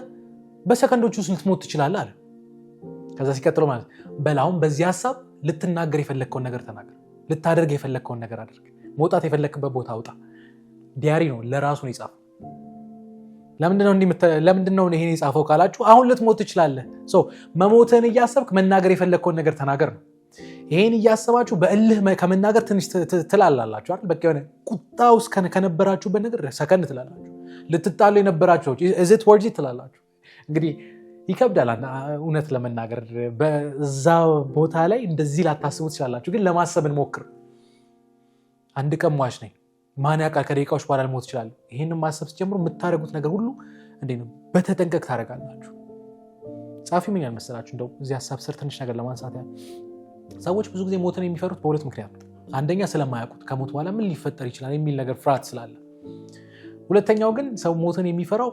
በሰከንዶች ውስጥ ልትሞት ትችላለ አለ ከዛ ሲቀጥሎ ማለት በል በዚህ ሀሳብ ልትናገር የፈለግከውን ነገር ተናገር፣ ልታደርግ የፈለግከውን ነገር አድርግ፣ መውጣት የፈለግክበት ቦታ አውጣ። ዲያሪ ነው ለራሱ ነው የጻፈው። ለምንድነው ይሄን የጻፈው ካላችሁ አሁን ልትሞት ትችላለህ። መሞትህን እያሰብክ መናገር የፈለግከውን ነገር ተናገር ነው። ይሄን እያሰባችሁ በእልህ ከመናገር ትንሽ ትላላላችሁ አይደል? በቃ የሆነ ቁጣ ውስጥ ከነበራችሁበት ነገር ሰከን ትላላችሁ። ልትጣሉ የነበራችሁ ሰዎች እዝት ወርጂ ትላላችሁ እንግዲህ ይከብዳል። እውነት ለመናገር በዛ ቦታ ላይ እንደዚህ ላታስቡ ትችላላችሁ፣ ግን ለማሰብ እንሞክር። አንድ ቀን ሟች ነኝ፣ ማን ያቃል ከደቂቃዎች በኋላ ልሞት ይችላል ይህን ማሰብ ሲጀምሩ የምታደርጉት ነገር ሁሉ እንዴት ነው በተጠንቀቅ ታደረጋላችሁ ጻፊ ምን ያልመሰላችሁ እንደው እዚህ ሀሳብ ስር ትንሽ ነገር ለማንሳት ያ ሰዎች ብዙ ጊዜ ሞትን የሚፈሩት በሁለት ምክንያት አንደኛ ስለማያውቁት ከሞት በኋላ ምን ሊፈጠር ይችላል የሚል ነገር ፍርሃት ስላለ፣ ሁለተኛው ግን ሰው ሞትን የሚፈራው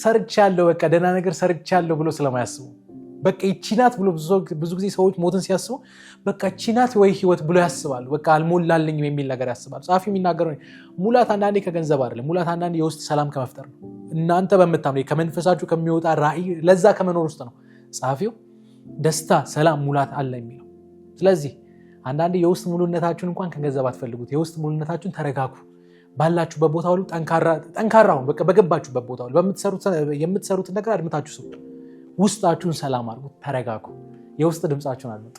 ሰርቻለሁ በቃ ደህና ነገር ሰርቻለሁ ብሎ ስለማያስቡ በቃ ይቺ ብሎ ብዙ ጊዜ ሰዎች ሞትን ሲያስቡ በቃ ቺናት ወይ ህይወት ብሎ ያስባሉ። በቃ አልሞላልኝም የሚል ነገር ያስባሉ። ጸሐፊ የሚናገረው ሙላት አንዳንዴ ከገንዘብ አይደለም። ሙላት አንዳንዴ የውስጥ ሰላም ከመፍጠር ነው። እናንተ በምታም ከመንፈሳችሁ ከሚወጣ ራእይ ለዛ ከመኖር ውስጥ ነው ጸሐፊው ደስታ፣ ሰላም፣ ሙላት አለ የሚለው። ስለዚህ አንዳንዴ የውስጥ ሙሉነታችሁን እንኳን ከገንዘብ አትፈልጉት። የውስጥ ሙሉነታችሁን ተረጋጉ። ባላችሁበት ቦታ ሁሉ ጠንካራ ሁን በገባችሁበት ቦታ ሁሉ የምትሰሩትን ነገር አድምታችሁ ስ ውስጣችሁን ሰላም አድርጉ ተረጋጉ። የውስጥ ድምፃችሁን አድምጡ።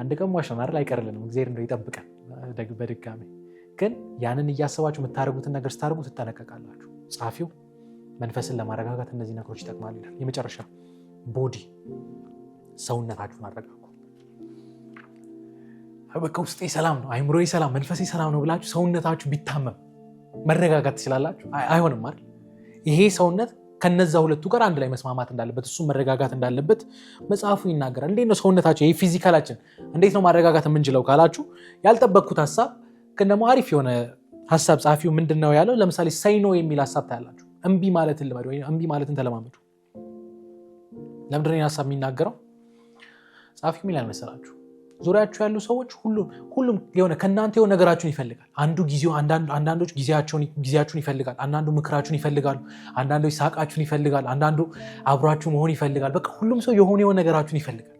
አንድ ቀን ዋሽተን አይደል አይቀርልንም። እግዚአብሔር እንደው ይጠብቀን። በድጋሚ ግን ያንን እያሰባችሁ የምታደርጉትን ነገር ስታደርጉ ትጠነቀቃላችሁ። ጸሐፊው መንፈስን ለማረጋጋት እነዚህ ነገሮች ይጠቅማል ይላል። የመጨረሻ ቦዲ ሰውነታችሁን አረጋጉ። በቃ ውስጤ ሰላም ነው፣ አይምሮ ሰላም፣ መንፈሴ ሰላም ነው ብላችሁ ሰውነታችሁ ቢታመም መረጋጋት ትችላላችሁ? አይሆንም አይደል? ይሄ ሰውነት ከነዛ ሁለቱ ጋር አንድ ላይ መስማማት እንዳለበት እሱ መረጋጋት እንዳለበት መጽሐፉ ይናገራል። እንዴት ነው ሰውነታችን ይህ ፊዚካላችን እንዴት ነው ማረጋጋት የምንችለው ካላችሁ ያልጠበቅኩት ሀሳብ ግን ደግሞ አሪፍ የሆነ ሀሳብ ጸሐፊው ምንድን ነው ያለው? ለምሳሌ ሰይኖ የሚል ሀሳብ ታያላችሁ። እምቢ ማለትን ልመዱ፣ እምቢ ማለትን ተለማመዱ። ለምንድን ነው ሀሳብ የሚናገረው ጸሐፊው ሚል አልመሰላችሁ ዙሪያቸው ያሉ ሰዎች ሁሉም ሁሉም የሆነ ከእናንተ የሆነ ነገራችሁን ይፈልጋል። አንዱ አንዳንዶች ጊዜያችሁን ይፈልጋል። አንዳንዱ ምክራችሁን ይፈልጋሉ። አንዳንዶች ሳቃችሁን ይፈልጋል። አንዳንዱ አብሯችሁ መሆን ይፈልጋል። በቃ ሁሉም ሰው የሆነ የሆነ ነገራችሁን ይፈልጋል።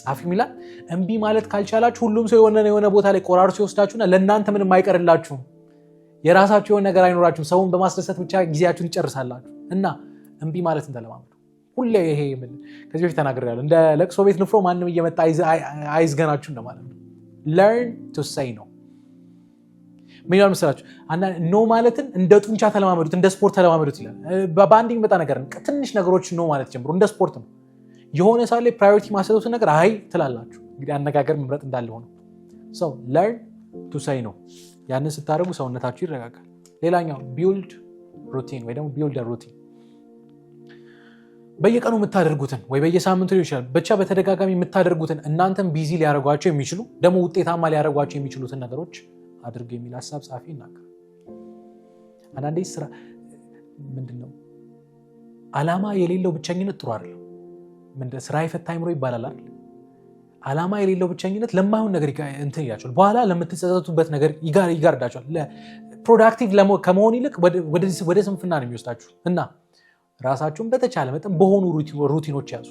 ጻፊ ይላል እምቢ ማለት ካልቻላችሁ ሁሉም ሰው የሆነ የሆነ ቦታ ላይ ቆራርሶ ይወስዳችሁና ለእናንተ ምንም አይቀርላችሁም። የራሳችሁ የሆነ ነገር አይኖራችሁም። ሰውን በማስደሰት ብቻ ጊዜያችሁን ትጨርሳላችሁ እና እምቢ ማለት እንደለማመድ ሁሌ ይሄ ምን ከዚህ በፊት ተናግሬያለሁ። እንደ ለቅሶ ቤት ንፍሮ ማንም እየመጣ አይዝገናችሁ እንደማለት ነው። ለርን ቱ ሰይ ነው። ምን ይላል መሰላችሁ? ኖ ማለትን እንደ ጡንቻ ተለማመዱት፣ እንደ ስፖርት ተለማመዱት ይላል። በአንድ የሚመጣ ነገር ነው። ትንሽ ነገሮች ኖ ማለት ጀምሮ እንደ ስፖርት ነው። የሆነ ሳ ላይ ፕራዮሪቲ ማሰጡትን ነገር አይ ትላላችሁ። እንግዲህ አነጋገር መምረጥ እንዳለ ሆነ ሰው ለርን ቱ ሰይ ነው። ያንን ስታደርጉ ሰውነታችሁ ይረጋጋል። ሌላኛው ቢውልድ ሩቲን ወይ ደግሞ ቢውልድ ሩቲን በየቀኑ የምታደርጉትን ወይ በየሳምንቱ ሊሆን ይችላል ብቻ በተደጋጋሚ የምታደርጉትን እናንተን ቢዚ ሊያደርጓቸው የሚችሉ ደግሞ ውጤታማ ሊያደርጓቸው የሚችሉትን ነገሮች አድርግ የሚል ሀሳብ ጻፊ ይናገራል። አንዳንዴ ስራ ምንድን ነው የሌለው ብቸኝነት ጥሩ አይደለም። ስራ የፈታ አይምሮ ይባላል አይደል? የሌለው ብቸኝነት ለማይሆን ነገር እንትን ይላቸዋል። በኋላ ለምትጸጸቱበት ነገር ይጋርዳቸዋል። ፕሮዳክቲቭ ከመሆን ይልቅ ወደ ስንፍና ነው የሚወስዳችሁ እና ራሳችሁን በተቻለ መጠን በሆኑ ሩቲኖች ያዙ።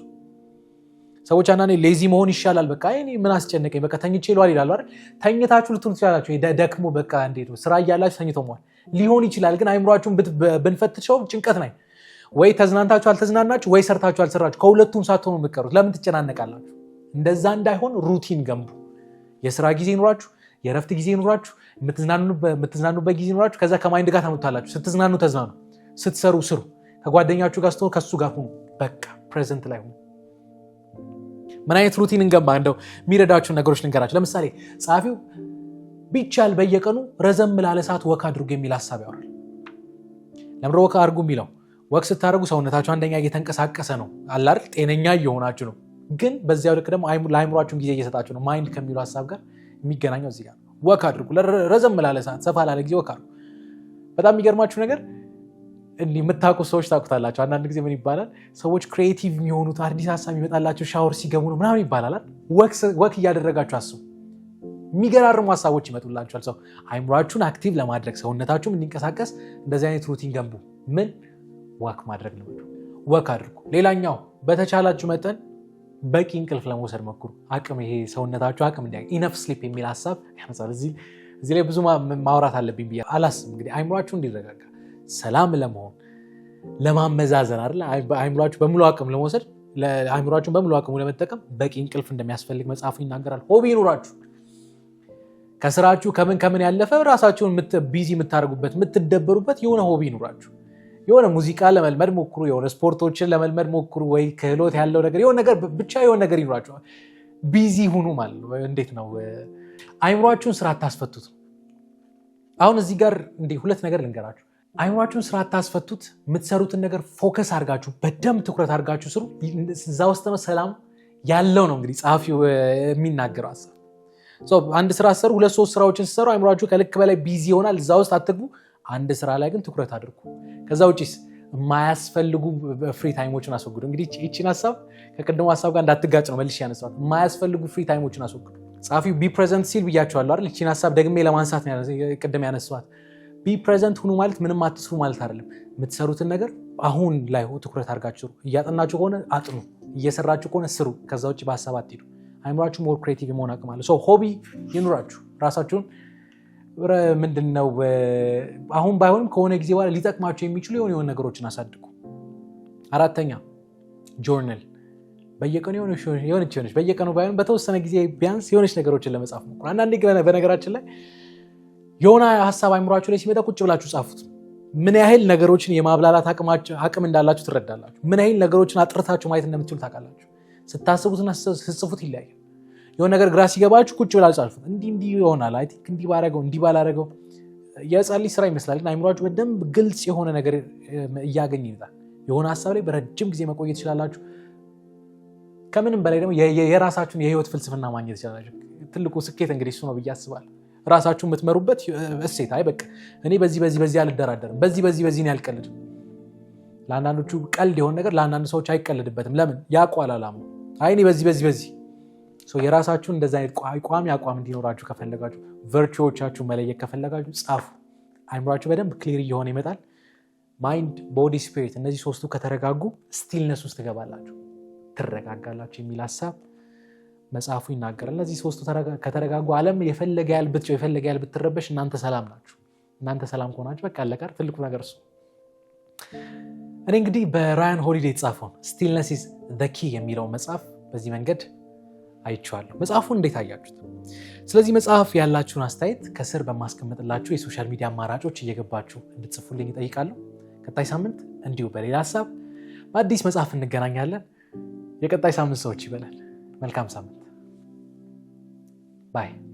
ሰዎች አንዳንዴ ሌዚ መሆን ይሻላል፣ በቃ እኔ ምን አስጨነቀኝ፣ በቃ ተኝቼ ይለዋል ይላሉ አይደል? ተኝታችሁ ልትሉ ትችላላችሁ። ደክሞ በቃ እንዴት ነው ስራ እያላችሁ ተኝቶ መዋል ሊሆን ይችላል። ግን አይምሯችሁን ብንፈትሸው ጭንቀት ናይ ወይ ተዝናንታችሁ አልተዝናናችሁ፣ ወይ ሰርታችሁ አልሰራችሁ፣ ከሁለቱም ሳትሆኑ የምትቀሩት ለምን ትጨናነቃላችሁ? እንደዛ እንዳይሆን ሩቲን ገንቡ። የስራ ጊዜ ይኑራችሁ፣ የእረፍት ጊዜ ይኑራችሁ፣ የምትዝናኑበት ጊዜ ይኑራችሁ። ከዛ ከማይንድ ጋር ታምታላችሁ። ስትዝናኑ ተዝናኑ፣ ስትሰሩ ስሩ። ከጓደኛችሁ ጋር ስትሆኑ ከሱ ጋር ሁኑ። በቃ ፕሬዘንት ላይ ሁኑ። ምን አይነት ሩቲን እንገባ? እንደው የሚረዳችሁን ነገሮች ልንገራችሁ። ለምሳሌ ጸሐፊው ቢቻል በየቀኑ ረዘም ላለ ሰዓት ወክ አድርጉ የሚል ሀሳብ ያወራል። ለምሮ ወክ አድርጉ የሚለው ወክ ስታደርጉ ሰውነታችሁ አንደኛ እየተንቀሳቀሰ ነው አላል ጤነኛ እየሆናችሁ ነው፣ ግን በዚያ ልክ ደግሞ ለአይምሯችሁን ጊዜ እየሰጣችሁ ነው። ማይንድ ከሚሉ ሀሳብ ጋር የሚገናኘው እዚህ ጋር ወክ አድርጉ። ረዘም ላለ ሰዓት፣ ሰፋ ላለ ጊዜ ወክ አድርጉ። በጣም የሚገርማችሁ ነገር የምታውቁ ሰዎች ታውቁታላቸው። አንዳንድ ጊዜ ምን ይባላል ሰዎች ክሬቲቭ የሚሆኑት አዲስ ሀሳብ የሚመጣላቸው ሻወር ሲገቡ ነው ምናምን ይባላል። ወክ እያደረጋችሁ አስቡ። የሚገራርሙ ሀሳቦች ይመጡላቸዋል ሰው አይምሯችሁን አክቲቭ ለማድረግ ሰውነታችሁም እንዲንቀሳቀስ እንደዚህ አይነት ሩቲን ገንቡ። ምን ወክ ማድረግ ነው፣ ወክ አድርጉ። ሌላኛው በተቻላችሁ መጠን በቂ እንቅልፍ ለመውሰድ መኩሩ አቅም ይሄ ሰውነታችሁ አቅም እንዲ ኢነፍ ስሊፕ የሚል ሀሳብ ያመጻል እዚህ ላይ ብዙ ማውራት አለብኝ ብዬ አላስብም። እንግዲህ አይምሯችሁ እንዲረጋጋ ሰላም ለመሆን ለማመዛዘን አለ አይምሯችሁ በሙሉ አቅም ለመውሰድ አይምሯችሁን በሙሉ አቅሙ ለመጠቀም በቂ እንቅልፍ እንደሚያስፈልግ መጽሐፉ ይናገራል። ሆቢ ይኑራችሁ። ከስራችሁ ከምን ከምን ያለፈ ራሳችሁን ቢዚ የምታደርጉበት የምትደበሩበት የሆነ ሆቢ ይኑራችሁ። የሆነ ሙዚቃ ለመልመድ ሞክሩ። የሆነ ስፖርቶችን ለመልመድ ሞክሩ። ወይ ክህሎት ያለው ነገር የሆነ ነገር ብቻ የሆነ ነገር ይኑራችሁ። ቢዚ ሁኑ ማለት ነው። እንዴት ነው አይምሯችሁን ስራ አታስፈቱት። አሁን እዚህ ጋር እንዲህ ሁለት ነገር ልንገራችሁ። አይምሯችሁን ስራ አታስፈቱት። የምትሰሩትን ነገር ፎከስ አርጋችሁ በደም ትኩረት አርጋችሁ ስሩ። እዛ ውስጥ ሰላም ያለው ነው እንግዲህ ጸሐፊ የሚናገረው ሀሳብ። አንድ ስራ ሰሩ፣ ሁለት ሶስት ስራዎችን ሲሰሩ አይምሯችሁ ከልክ በላይ ቢዚ ይሆናል። እዛ ውስጥ አትግቡ። አንድ ስራ ላይ ግን ትኩረት አድርጉ። ከዛ ውጭ የማያስፈልጉ ፍሪ ታይሞችን አስወግዱ። እንግዲህ ይችን ሀሳብ ከቅድሞ ሀሳብ ጋር እንዳትጋጭ ነው መልሽ ያነሳት የማያስፈልጉ ፍሪ ታይሞችን አስወግዱ። ጸሐፊው ቢ ፕሬዘንት ሲል ብያቸዋለሁ አይደል? ይችን ሀሳብ ደግሜ ለማንሳት ቅድም ያነሳኋት ቢ ፕሬዘንት ሁኑ ማለት ምንም አትስሩ ማለት አይደለም። የምትሰሩትን ነገር አሁን ላይ ትኩረት አድርጋችሁ እያጠናችሁ ከሆነ አጥኑ፣ እየሰራችሁ ከሆነ ስሩ። ከዛ ውጭ በሀሳብ አትሄዱ። አይምራችሁ ሞር ክሬቲቭ የመሆን አቅም አለ። ሆቢ ይኑራችሁ። ራሳችሁን ምንድን አሁን ባይሆንም ከሆነ ጊዜ በኋላ ሊጠቅማቸው የሚችሉ የሆነ የሆነ ነገሮችን አሳድጉ። አራተኛ ጆርናል በየቀኑ የሆነች የሆነች በየቀኑ ባይሆን በተወሰነ ጊዜ ቢያንስ የሆነች ነገሮችን ለመጻፍ ሞክሩ። አንዳንድ በነገራችን ላይ የሆነ ሀሳብ አይምሯችሁ ላይ ሲመጣ ቁጭ ብላችሁ ጻፉት። ምን ያህል ነገሮችን የማብላላት አቅም እንዳላችሁ ትረዳላችሁ። ምን ያህል ነገሮችን አጥርታችሁ ማየት እንደምትችሉ ታውቃላችሁ። ስታስቡትና ስጽፉት ይለያል። የሆነ ነገር ግራ ሲገባችሁ ቁጭ ብላ ጻፉት። እንዲህ እንዲህ ይሆናል፣ አይ ቲንክ እንዲህ ባረገው፣ እንዲህ ባላረገው። የህፃን ስራ ይመስላል፣ ግን አይምሯችሁ በደንብ ግልጽ የሆነ ነገር እያገኝ ይመጣል። የሆነ ሀሳብ ላይ በረጅም ጊዜ መቆየት ትችላላችሁ። ከምንም በላይ ደግሞ የራሳችሁን የህይወት ፍልስፍና ማግኘት ትችላላችሁ። ትልቁ ስኬት እንግዲህ እሱ ነው ብዬ አስባለሁ። ራሳችሁ የምትመሩበት እሴት። አይ በቃ እኔ በዚህ በዚህ በዚህ አልደራደርም፣ በዚህ በዚህ በዚህ ነው አልቀልድም። ለአንዳንዶቹ ቀልድ የሆን ነገር ለአንዳንድ ሰዎች አይቀልድበትም። ለምን ያቋል አላማ። አይ እኔ በዚህ በዚህ በዚህ የራሳችሁን እንደዚ አይነት ቋሚ አቋም እንዲኖራችሁ ከፈለጋችሁ፣ ቨርቹዎቻችሁ መለየት ከፈለጋችሁ ጻፉ። አይምሯችሁ በደንብ ክሊር እየሆነ ይመጣል። ማይንድ ቦዲ ስፒሪት፣ እነዚህ ሶስቱ ከተረጋጉ ስቲልነስ ውስጥ ትገባላችሁ፣ ትረጋጋላችሁ የሚል ሀሳብ መጽሐፉ ይናገራል። እነዚህ ሶስቱ ከተረጋጉ አለም የፈለገ ያል ብትጨው የፈለገ ያል ብትረበሽ እናንተ ሰላም ናችሁ። እናንተ ሰላም ከሆናችሁ በቃ አለቀ። ትልቁ ነገር እሱ። እኔ እንግዲህ በራያን ሆሊዴ የተጻፈውን ስቲልነስ ኢዝ ዘ ኪ የሚለው መጽሐፍ በዚህ መንገድ አይቸዋለሁ መጽሐፉን እንዴት አያችሁት? ስለዚህ መጽሐፍ ያላችሁን አስተያየት ከስር በማስቀመጥላችሁ የሶሻል ሚዲያ አማራጮች እየገባችሁ እንድትጽፉልኝ ይጠይቃለሁ። ቀጣይ ሳምንት እንዲሁ በሌላ ሀሳብ በአዲስ መጽሐፍ እንገናኛለን። የቀጣይ ሳምንት ሰዎች ይበላል። መልካም ሳምንት Bye.